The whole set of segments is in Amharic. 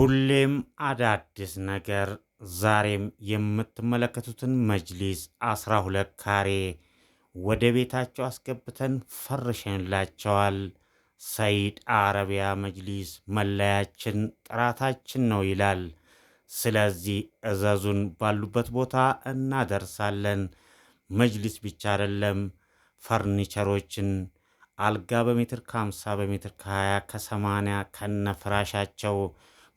ሁሌም አዳዲስ ነገር ዛሬም የምትመለከቱትን መጅሊስ ሁለት ካሬ ወደ ቤታቸው አስገብተን ፈርሸንላቸዋል። ሰይድ አረቢያ መጅሊስ መለያችን ጥራታችን ነው ይላል። ስለዚህ እዘዙን፣ ባሉበት ቦታ እናደርሳለን። መጅሊስ ብቻ አይደለም፣ ፈርኒቸሮችን አልጋ በሜትር ከ50 በሜትር ከ20 ከ80 ከነ ፍራሻቸው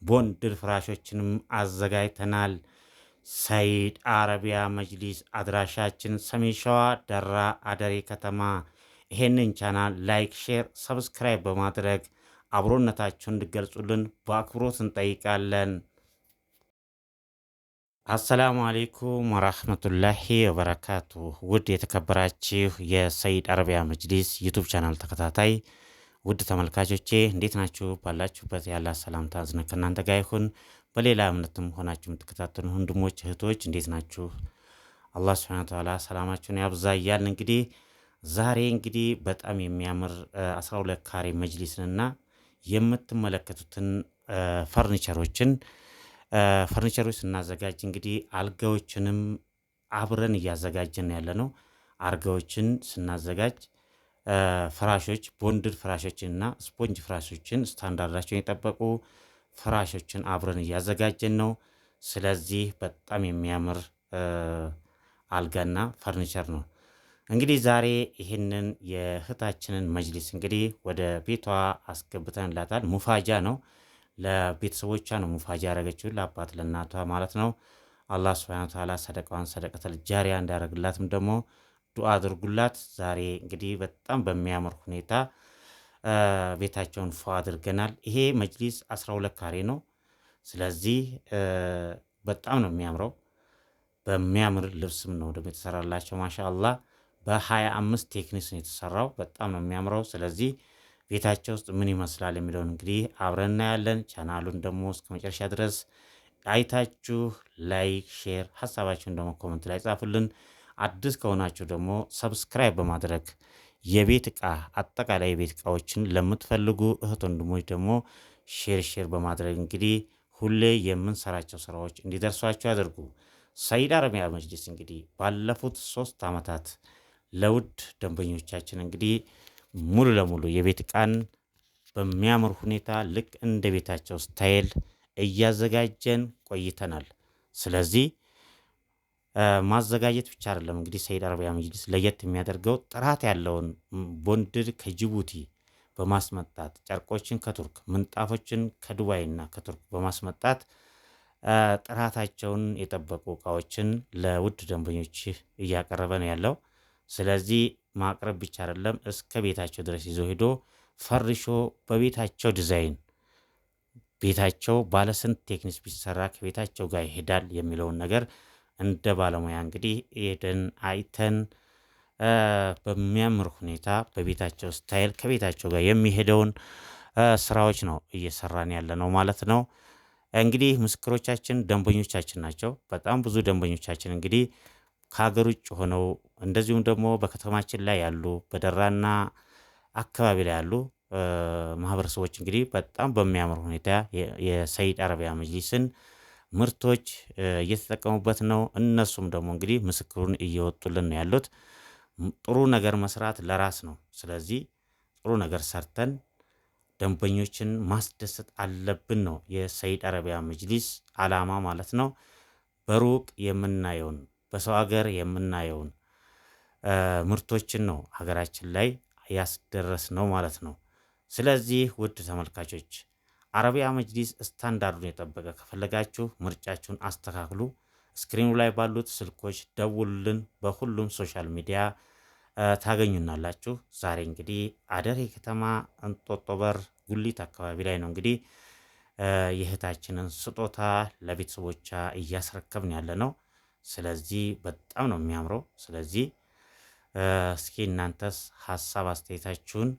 ቦንድ ፍራሾችንም አዘጋጅተናል። ሰይድ አረቢያ መጅሊስ አድራሻችን ሰሜን ሸዋ ደራ አደሬ ከተማ። ይሄንን ቻናል ላይክ፣ ሼር፣ ሰብስክራይብ በማድረግ አብሮነታችሁን እንድገልጹልን በአክብሮት እንጠይቃለን። አሰላሙ አሌይኩም ወራህመቱላሂ ወበረካቱ። ውድ የተከበራችሁ የሰይድ አረቢያ መጅሊስ ዩቱብ ቻናል ተከታታይ ውድ ተመልካቾቼ እንዴት ናችሁ? ባላችሁበት ያለ ሰላምታ ዝነ ከእናንተ ጋር ይሁን። በሌላ እምነትም ሆናችሁ የምትከታተሉ ወንድሞች እህቶች እንዴት ናችሁ? አላህ ሱብሓነሁ ወተዓላ ሰላማችሁን ያብዛ እያል እንግዲህ ዛሬ እንግዲህ በጣም የሚያምር 12 ካሬ መጅሊስንና የምትመለከቱትን ፈርኒቸሮችን ፈርኒቸሮች ስናዘጋጅ እንግዲህ አልጋዎችንም አብረን እያዘጋጀን ያለ ነው። አልጋዎችን ስናዘጋጅ ፍራሾች ቦንድድ ፍራሾችንና ስፖንጅ ፍራሾችን ስታንዳርዳቸውን የጠበቁ ፍራሾችን አብረን እያዘጋጀን ነው። ስለዚህ በጣም የሚያምር አልጋና ፈርኒቸር ነው። እንግዲህ ዛሬ ይህንን የእህታችንን መጅሊስ እንግዲህ ወደ ቤቷ አስገብተንላታል። ሙፋጃ ነው፣ ለቤተሰቦቿ ነው ሙፋጃ ያደረገችው ለአባት ለእናቷ ማለት ነው። አላህ ሱብሃነሁ ወተዓላ ሰደቃዋን ሰደቀተል ጃሪያ እንዳደረግላትም ደግሞ ዱዓ አድርጉላት። ዛሬ እንግዲህ በጣም በሚያምር ሁኔታ ቤታቸውን ፎ አድርገናል። ይሄ መጅሊስ 12 ካሬ ነው። ስለዚህ በጣም ነው የሚያምረው። በሚያምር ልብስም ነው ደግሞ የተሰራላቸው። ማሻ አላህ በሀያ አምስት ቴክኒክስ ነው የተሰራው። በጣም ነው የሚያምረው። ስለዚህ ቤታቸው ውስጥ ምን ይመስላል የሚለውን እንግዲህ አብረን እናያለን። ቻናሉን ደግሞ እስከ መጨረሻ ድረስ አይታችሁ ላይክ፣ ሼር ሀሳባችሁን ደግሞ ኮመንት ላይ ጻፉልን። አዲስ ከሆናችሁ ደግሞ ሰብስክራይብ በማድረግ የቤት ዕቃ አጠቃላይ የቤት ዕቃዎችን ለምትፈልጉ እህት ወንድሞች ደግሞ ሼር ሼር በማድረግ እንግዲህ ሁሌ የምንሰራቸው ስራዎች እንዲደርሷቸው ያደርጉ። ሰይድ አረቢያ መጅሊስ እንግዲህ ባለፉት ሶስት ዓመታት ለውድ ደንበኞቻችን እንግዲህ ሙሉ ለሙሉ የቤት ዕቃን በሚያምር ሁኔታ ልክ እንደ ቤታቸው ስታይል እያዘጋጀን ቆይተናል። ስለዚህ ማዘጋጀት ብቻ አይደለም። እንግዲህ ሰይድ አረቢያ መጅሊስ ለየት የሚያደርገው ጥራት ያለውን ቦንድድ ከጅቡቲ በማስመጣት ጨርቆችን ከቱርክ ምንጣፎችን ከዱባይና ከቱርክ በማስመጣት ጥራታቸውን የጠበቁ እቃዎችን ለውድ ደንበኞች እያቀረበ ነው ያለው። ስለዚህ ማቅረብ ብቻ አይደለም፣ እስከ ቤታቸው ድረስ ይዞ ሄዶ ፈርሾ በቤታቸው ዲዛይን ቤታቸው ባለስንት ቴክኒስ ቢሰራ ከቤታቸው ጋር ይሄዳል የሚለውን ነገር እንደ ባለሙያ እንግዲህ ኤደን አይተን በሚያምር ሁኔታ በቤታቸው ስታይል ከቤታቸው ጋር የሚሄደውን ስራዎች ነው እየሰራን ያለ ነው ማለት ነው። እንግዲህ ምስክሮቻችን ደንበኞቻችን ናቸው። በጣም ብዙ ደንበኞቻችን እንግዲህ ከሀገር ውጭ ሆነው እንደዚሁም ደግሞ በከተማችን ላይ ያሉ በደራና አካባቢ ላይ ያሉ ማህበረሰቦች እንግዲህ በጣም በሚያምር ሁኔታ የሰይድ አረቢያ መጅሊስን ምርቶች እየተጠቀሙበት ነው። እነሱም ደግሞ እንግዲህ ምስክሩን እየወጡልን ነው ያሉት። ጥሩ ነገር መስራት ለራስ ነው። ስለዚህ ጥሩ ነገር ሰርተን ደንበኞችን ማስደሰት አለብን ነው የሰይድ አረቢያ መጅሊስ አላማ ማለት ነው። በሩቅ የምናየውን በሰው ሀገር የምናየውን ምርቶችን ነው ሀገራችን ላይ ያስደረስ ነው ማለት ነው። ስለዚህ ውድ ተመልካቾች አረቢያ መጅሊስ ስታንዳርዱን የጠበቀ ከፈለጋችሁ ምርጫችሁን አስተካክሉ። ስክሪኑ ላይ ባሉት ስልኮች ደውሉልን። በሁሉም ሶሻል ሚዲያ ታገኙናላችሁ። ዛሬ እንግዲህ አደሬ ከተማ እንጦጦ በር ጉሊት አካባቢ ላይ ነው እንግዲህ የእህታችንን ስጦታ ለቤተሰቦቿ እያስረከብን ያለ ነው። ስለዚህ በጣም ነው የሚያምረው። ስለዚህ እስኪ እናንተስ ሀሳብ አስተያየታችሁን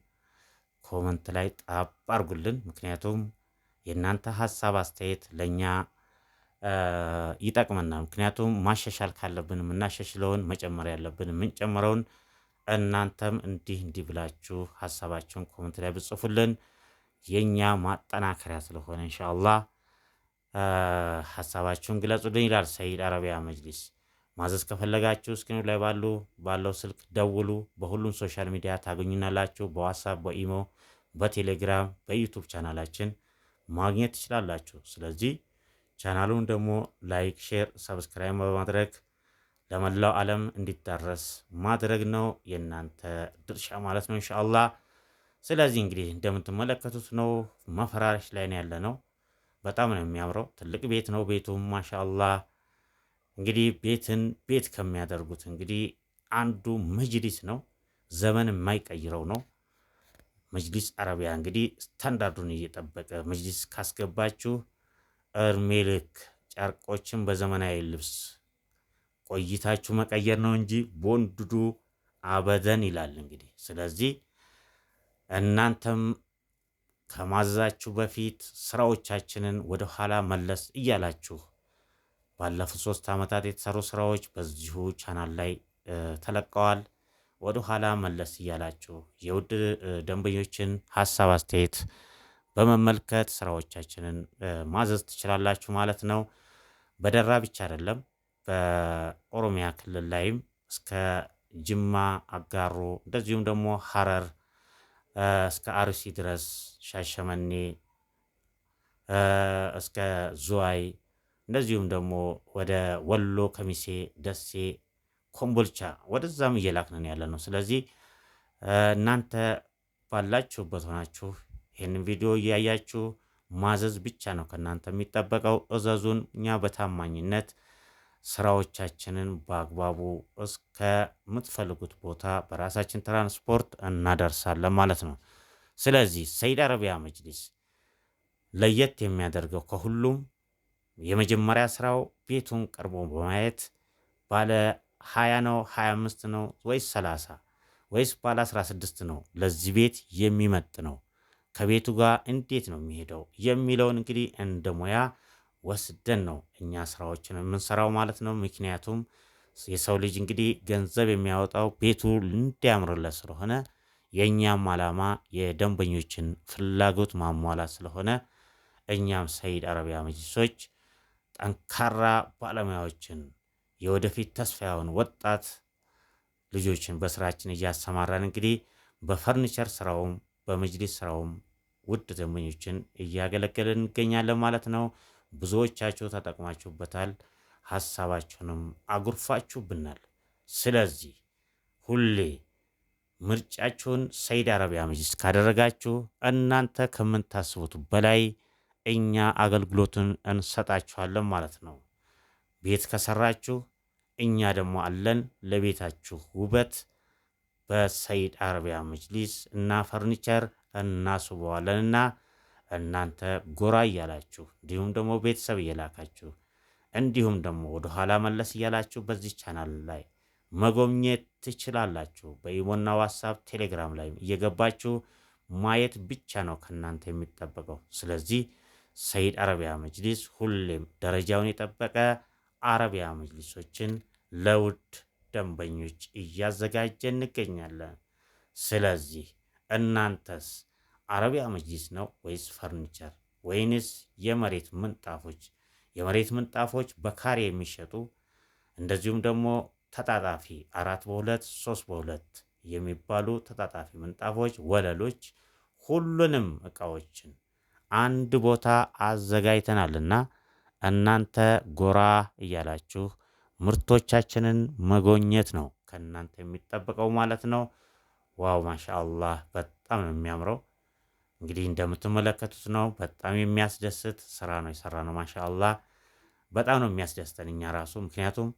ኮመንት ላይ ጣብ አርጉልን። ምክንያቱም የእናንተ ሀሳብ አስተያየት ለእኛ ይጠቅመናል። ምክንያቱም ማሻሻል ካለብን የምናሻሽለውን፣ መጨመር ያለብን የምንጨምረውን እናንተም እንዲህ እንዲህ ብላችሁ ሀሳባችሁን ኮመንት ላይ ብጽፉልን የእኛ ማጠናከሪያ ስለሆነ እንሻላ ሀሳባችሁን ግለጹልን ይላል ሰይድ አረቢያ መጅሊስ። ማዘዝ ከፈለጋችሁ እስክሪኑ ላይ ባሉ ባለው ስልክ ደውሉ። በሁሉም ሶሻል ሚዲያ ታገኙናላችሁ። በዋትሳፕ፣ በኢሞ፣ በቴሌግራም፣ በዩቱብ ቻናላችን ማግኘት ትችላላችሁ። ስለዚህ ቻናሉን ደግሞ ላይክ፣ ሼር፣ ሰብስክራይብ በማድረግ ለመላው ዓለም እንዲዳረስ ማድረግ ነው የእናንተ ድርሻ ማለት ነው እንሻአላ። ስለዚህ እንግዲህ እንደምትመለከቱት ነው መፈራረሽ ላይ ነው ያለ ነው። በጣም ነው የሚያምረው። ትልቅ ቤት ነው ቤቱም ማሻአላህ። እንግዲህ ቤትን ቤት ከሚያደርጉት እንግዲህ አንዱ መጅሊስ ነው። ዘመን የማይቀይረው ነው። መጅሊስ አረቢያ እንግዲህ ስታንዳርዱን እየጠበቀ መጅሊስ ካስገባችሁ እርሜልክ ጨርቆችን በዘመናዊ ልብስ ቆይታችሁ መቀየር ነው እንጂ ቦንድዱ አበደን ይላል እንግዲህ። ስለዚህ እናንተም ከማዘዛችሁ በፊት ስራዎቻችንን ወደኋላ መለስ እያላችሁ ባለፉት ሶስት ዓመታት የተሰሩ ስራዎች በዚሁ ቻናል ላይ ተለቀዋል። ወደ ኋላ መለስ እያላችሁ የውድ ደንበኞችን ሀሳብ አስተያየት በመመልከት ስራዎቻችንን ማዘዝ ትችላላችሁ ማለት ነው። በደራ ብቻ አይደለም፣ በኦሮሚያ ክልል ላይም እስከ ጅማ አጋሮ፣ እንደዚሁም ደግሞ ሀረር እስከ አርሲ ድረስ ሻሸመኔ እስከ ዙዋይ እንደዚሁም ደግሞ ወደ ወሎ ከሚሴ፣ ደሴ ኮምቦልቻ ወደዛም እየላክንን ያለ ነው። ስለዚህ እናንተ ባላችሁበት ሆናችሁ ይህንን ቪዲዮ እያያችሁ ማዘዝ ብቻ ነው ከእናንተ የሚጠበቀው። እዘዙን። እኛ በታማኝነት ስራዎቻችንን በአግባቡ እስከምትፈልጉት ቦታ በራሳችን ትራንስፖርት እናደርሳለን ማለት ነው። ስለዚህ ሰይድ አረቢያ መጅሊስ ለየት የሚያደርገው ከሁሉም የመጀመሪያ ስራው ቤቱን ቀርቦ በማየት ባለ ሀያ ነው ሀያ አምስት ነው ወይስ ሰላሳ ወይስ ባለ አስራ ስድስት ነው ለዚህ ቤት የሚመጥ ነው ከቤቱ ጋር እንዴት ነው የሚሄደው የሚለውን እንግዲህ እንደ ሙያ ወስደን ነው እኛ ስራዎችን የምንሰራው ማለት ነው። ምክንያቱም የሰው ልጅ እንግዲህ ገንዘብ የሚያወጣው ቤቱ እንዲያምርለት ስለሆነ የእኛም ዓላማ የደንበኞችን ፍላጎት ማሟላት ስለሆነ እኛም ሰይድ አረቢያ መጅሊሶች ጠንካራ ባለሙያዎችን የወደፊት ተስፋ የሆኑ ወጣት ልጆችን በስራችን እያሰማራን እንግዲህ በፈርኒቸር ስራውም በመጅሊስ ስራውም ውድ ደንበኞችን እያገለገልን እንገኛለን ማለት ነው። ብዙዎቻችሁ ተጠቅማችሁበታል፣ ሀሳባችሁንም አጉርፋችሁብናል። ስለዚህ ሁሌ ምርጫችሁን ሰይድ አረቢያ መጅሊስ ካደረጋችሁ እናንተ ከምታስቡት በላይ እኛ አገልግሎትን እንሰጣችኋለን ማለት ነው። ቤት ከሰራችሁ እኛ ደግሞ አለን ለቤታችሁ ውበት በሰይድ አረቢያ መጅሊስ እና ፈርኒቸር እናስበዋለንና እናንተ ጎራ እያላችሁ እንዲሁም ደግሞ ቤተሰብ እየላካችሁ እንዲሁም ደግሞ ወደኋላ መለስ እያላችሁ በዚህ ቻናል ላይ መጎብኘት ትችላላችሁ። በኢሞና ዋትሳፕ፣ ቴሌግራም ላይ እየገባችሁ ማየት ብቻ ነው ከእናንተ የሚጠበቀው። ስለዚህ ሰይድ አረቢያ መጅሊስ ሁሌም ደረጃውን የጠበቀ አረቢያ መጅሊሶችን ለውድ ደንበኞች እያዘጋጀ እንገኛለን። ስለዚህ እናንተስ አረቢያ መጅሊስ ነው ወይስ ፈርኒቸር ወይንስ የመሬት ምንጣፎች? የመሬት ምንጣፎች በካሬ የሚሸጡ እንደዚሁም ደግሞ ተጣጣፊ አራት በሁለት ሶስት በሁለት የሚባሉ ተጣጣፊ ምንጣፎች፣ ወለሎች፣ ሁሉንም እቃዎችን አንድ ቦታ አዘጋጅተናልና እናንተ ጎራ እያላችሁ ምርቶቻችንን መጎኘት ነው ከእናንተ የሚጠበቀው ማለት ነው። ዋው ማሻአላህ በጣም ነው የሚያምረው። እንግዲህ እንደምትመለከቱት ነው። በጣም የሚያስደስት ስራ ነው የሰራ ነው። ማሻአላህ በጣም ነው የሚያስደስተን እኛ ራሱ ምክንያቱም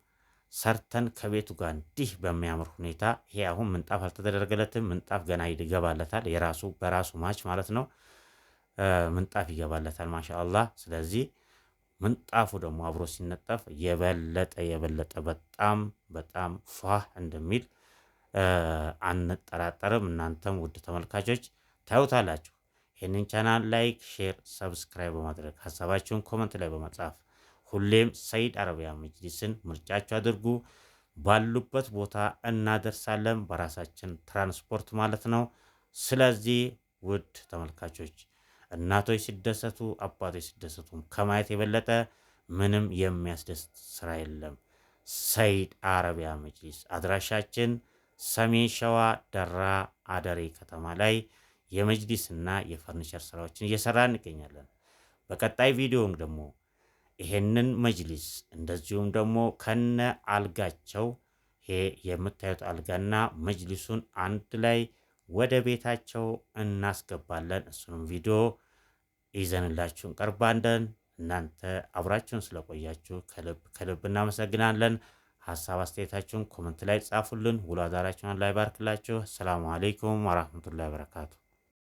ሰርተን ከቤቱ ጋር እንዲህ በሚያምር ሁኔታ ይሄ አሁን ምንጣፍ አልተደረገለትም። ምንጣፍ ገና ይገባለታል። የራሱ በራሱ ማች ማለት ነው ምንጣፍ ይገባለታል። ማሻአላህ ስለዚህ ምንጣፉ ደግሞ አብሮ ሲነጠፍ የበለጠ የበለጠ በጣም በጣም ፏህ እንደሚል አንጠራጠርም። እናንተም ውድ ተመልካቾች ታዩታላችሁ። ይህንን ቻናል ላይክ፣ ሼር፣ ሰብስክራይብ በማድረግ ሀሳባችሁን ኮመንት ላይ በመጻፍ ሁሌም ሰይድ አረቢያ መጅሊስን ምርጫችሁ አድርጉ። ባሉበት ቦታ እናደርሳለን፣ በራሳችን ትራንስፖርት ማለት ነው። ስለዚህ ውድ ተመልካቾች እናቶች ሲደሰቱ፣ አባቶች ሲደሰቱ ከማየት የበለጠ ምንም የሚያስደስት ስራ የለም። ሰይድ አረቢያ መጅሊስ አድራሻችን ሰሜን ሸዋ ደራ አደሬ ከተማ ላይ እና የፈርኒቸር ስራዎችን እየሰራ እንገኛለን። በቀጣይ ቪዲዮም ደግሞ ይሄንን መጅሊስ እንደዚሁም ደግሞ ከነ አልጋቸው ይሄ የምታዩት አልጋና መጅሊሱን አንድ ላይ ወደ ቤታቸው እናስገባለን። እሱንም ቪዲዮ ይዘንላችሁ እንቀርባለን። እናንተ አብራችሁን ስለቆያችሁ ከልብ ከልብ እናመሰግናለን። ሀሳብ አስተያየታችሁን ኮመንት ላይ ጻፉልን። ውሎ አዳራችሁን ላይ ባርክላችሁ። ሰላሙ አሌይኩም ወራህመቱላሂ በረካቱ